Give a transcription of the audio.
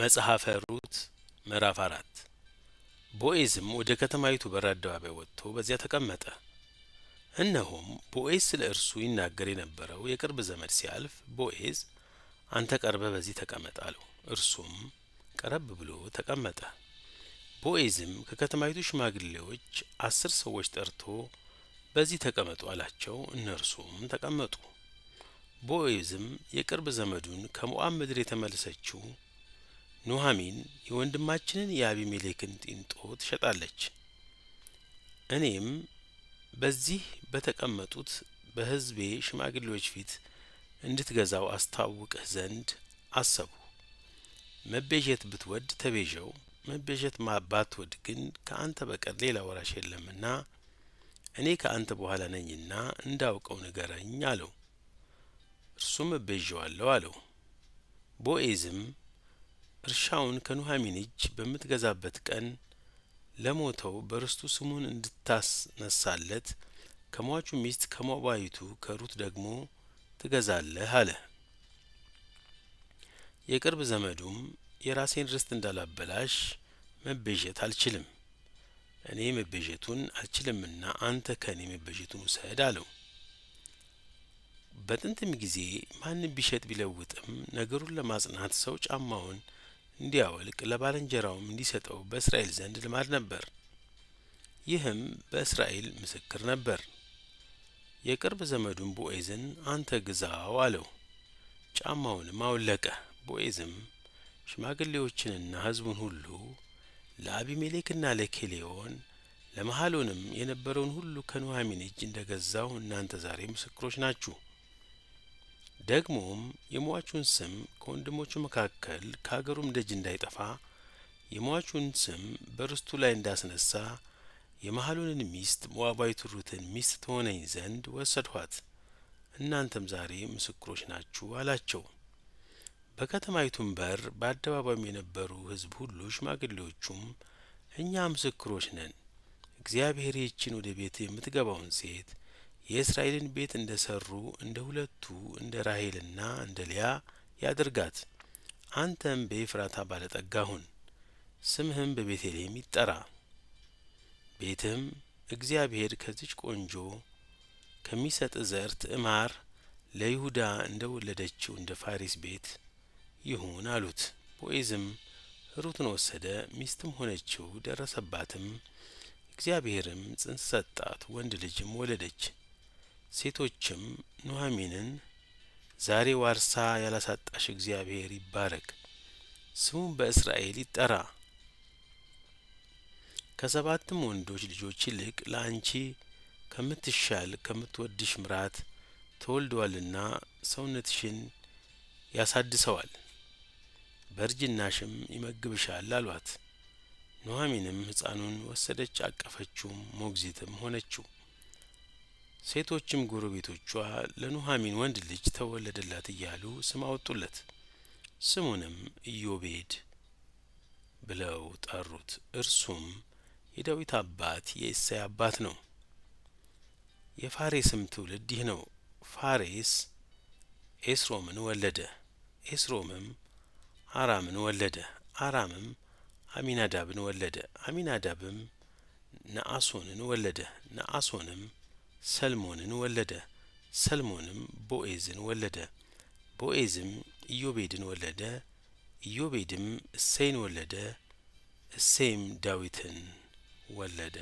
መጽሐፈ ሩት ምዕራፍ አራት ቦኤዝም ወደ ከተማይቱ በር አደባባይ ወጥቶ በዚያ ተቀመጠ። እነሆም ቦኤዝ ስለ እርሱ ይናገር የነበረው የቅርብ ዘመድ ሲያልፍ ቦኤዝ አንተ ቀርበ በዚህ ተቀመጥ አለው። እርሱም ቀረብ ብሎ ተቀመጠ። ቦኤዝም ከከተማይቱ ሽማግሌዎች አስር ሰዎች ጠርቶ በዚህ ተቀመጡ አላቸው። እነርሱም ተቀመጡ። ቦኤዝም የቅርብ ዘመዱን ከሞዓብ ምድር የተመለሰችው ኑኃሚን የወንድማችንን የአቢሜሌክን ጢንጦ ትሸጣለች እኔም በዚህ በተቀመጡት በሕዝቤ ሽማግሌዎች ፊት እንድትገዛው አስታውቅህ ዘንድ አሰቡ። መቤዠት ብትወድ ተቤዠው፣ መቤዠት ባትወድ ግን ከአንተ በቀር ሌላ ወራሽ የለምና እኔ ከአንተ በኋላ ነኝና እንዳውቀው ንገረኝ አለው። እርሱም እቤዠዋለሁ አለው። ቦኤዝም እርሻውን ከኑሀሚን እጅ በምትገዛበት ቀን ለሞተው በርስቱ ስሙን እንድታስነሳለት ከሟቹ ሚስት ከሞባይቱ ከሩት ደግሞ ትገዛለህ አለ። የቅርብ ዘመዱም የራሴን ርስት እንዳላበላሽ መቤዠት አልችልም፣ እኔ መቤዠቱን አልችልምና አንተ ከእኔ መቤዠቱን ውሰድ አለው። በጥንትም ጊዜ ማንም ቢሸጥ ቢለውጥም ነገሩን ለማጽናት ሰው ጫማውን እንዲያወልቅ ለባልንጀራውም እንዲሰጠው በእስራኤል ዘንድ ልማድ ነበር። ይህም በእስራኤል ምስክር ነበር። የቅርብ ዘመዱን ቦኤዝን አንተ ግዛው አለው። ጫማውንም አወለቀ። ቦኤዝም ሽማግሌዎችንና ሕዝቡን ሁሉ ለአቢሜሌክና ለኬሌዮን ለመሐሎንም የነበረውን ሁሉ ከኑኃሚን እጅ እንደ ገዛው እናንተ ዛሬ ምስክሮች ናችሁ። ደግሞም የሟቹን ስም ከወንድሞቹ መካከል ከአገሩም ደጅ እንዳይጠፋ የሟቹን ስም በርስቱ ላይ እንዳስነሳ የመሐሎንን ሚስት ሞዓባዊት ሩትን ሚስት ትሆነኝ ዘንድ ወሰድኋት፣ እናንተም ዛሬ ምስክሮች ናችሁ አላቸው። በከተማይቱም በር በአደባባይም የነበሩ ሕዝብ ሁሉ ሽማግሌዎቹም፣ እኛ ምስክሮች ነን፣ እግዚአብሔር ይህችን ወደ ቤት የምትገባውን ሴት የእስራኤልን ቤት እንደ ሰሩ እንደ ሁለቱ እንደ ራሄልና እንደ ሊያ ያድርጋት። አንተም በኤፍራታ ባለጠጋ ሁን፣ ስምህም በቤተልሔም ይጠራ። ቤትህም እግዚአብሔር ከዚች ቆንጆ ከሚሰጥ ዘር ትዕማር ለይሁዳ እንደ ወለደችው እንደ ፋሪስ ቤት ይሁን አሉት። ቦዔዝም ሩትን ወሰደ፣ ሚስትም ሆነችው፣ ደረሰባትም። እግዚአብሔርም ጽንስ ሰጣት፣ ወንድ ልጅም ወለደች። ሴቶችም ኑኃሚንን ዛሬ ዋርሳ ያላሳጣሽ እግዚአብሔር ይባረክ፣ ስሙም በእስራኤል ይጠራ፣ ከሰባትም ወንዶች ልጆች ይልቅ ለአንቺ ከምትሻል ከምትወድሽ ምራት ተወልደዋልና ሰውነትሽን ያሳድሰዋል፣ በእርጅናሽም ይመግብሻል አሏት። ኑኃሚንም ሕፃኑን ወሰደች፣ አቀፈችውም፣ ሞግዚትም ሆነችው። ሴቶችም ጎረቤቶቿ ለኑሃሚን ወንድ ልጅ ተወለደላት እያሉ ስም አወጡለት። ስሙንም ኢዮቤድ ብለው ጠሩት። እርሱም የዳዊት አባት የእሳይ አባት ነው። የፋሬስም ትውልድ ይህ ነው። ፋሬስ ኤስሮምን ወለደ። ኤስሮምም አራምን ወለደ። አራምም አሚናዳብን ወለደ። አሚናዳብም ነአሶንን ወለደ። ነአሶንም ሰልሞንን ወለደ። ሰልሞንም ቦኤዝን ወለደ። ቦኤዝም ኢዮቤድን ወለደ። ኢዮቤድም እሴይን ወለደ። እሴይም ዳዊትን ወለደ።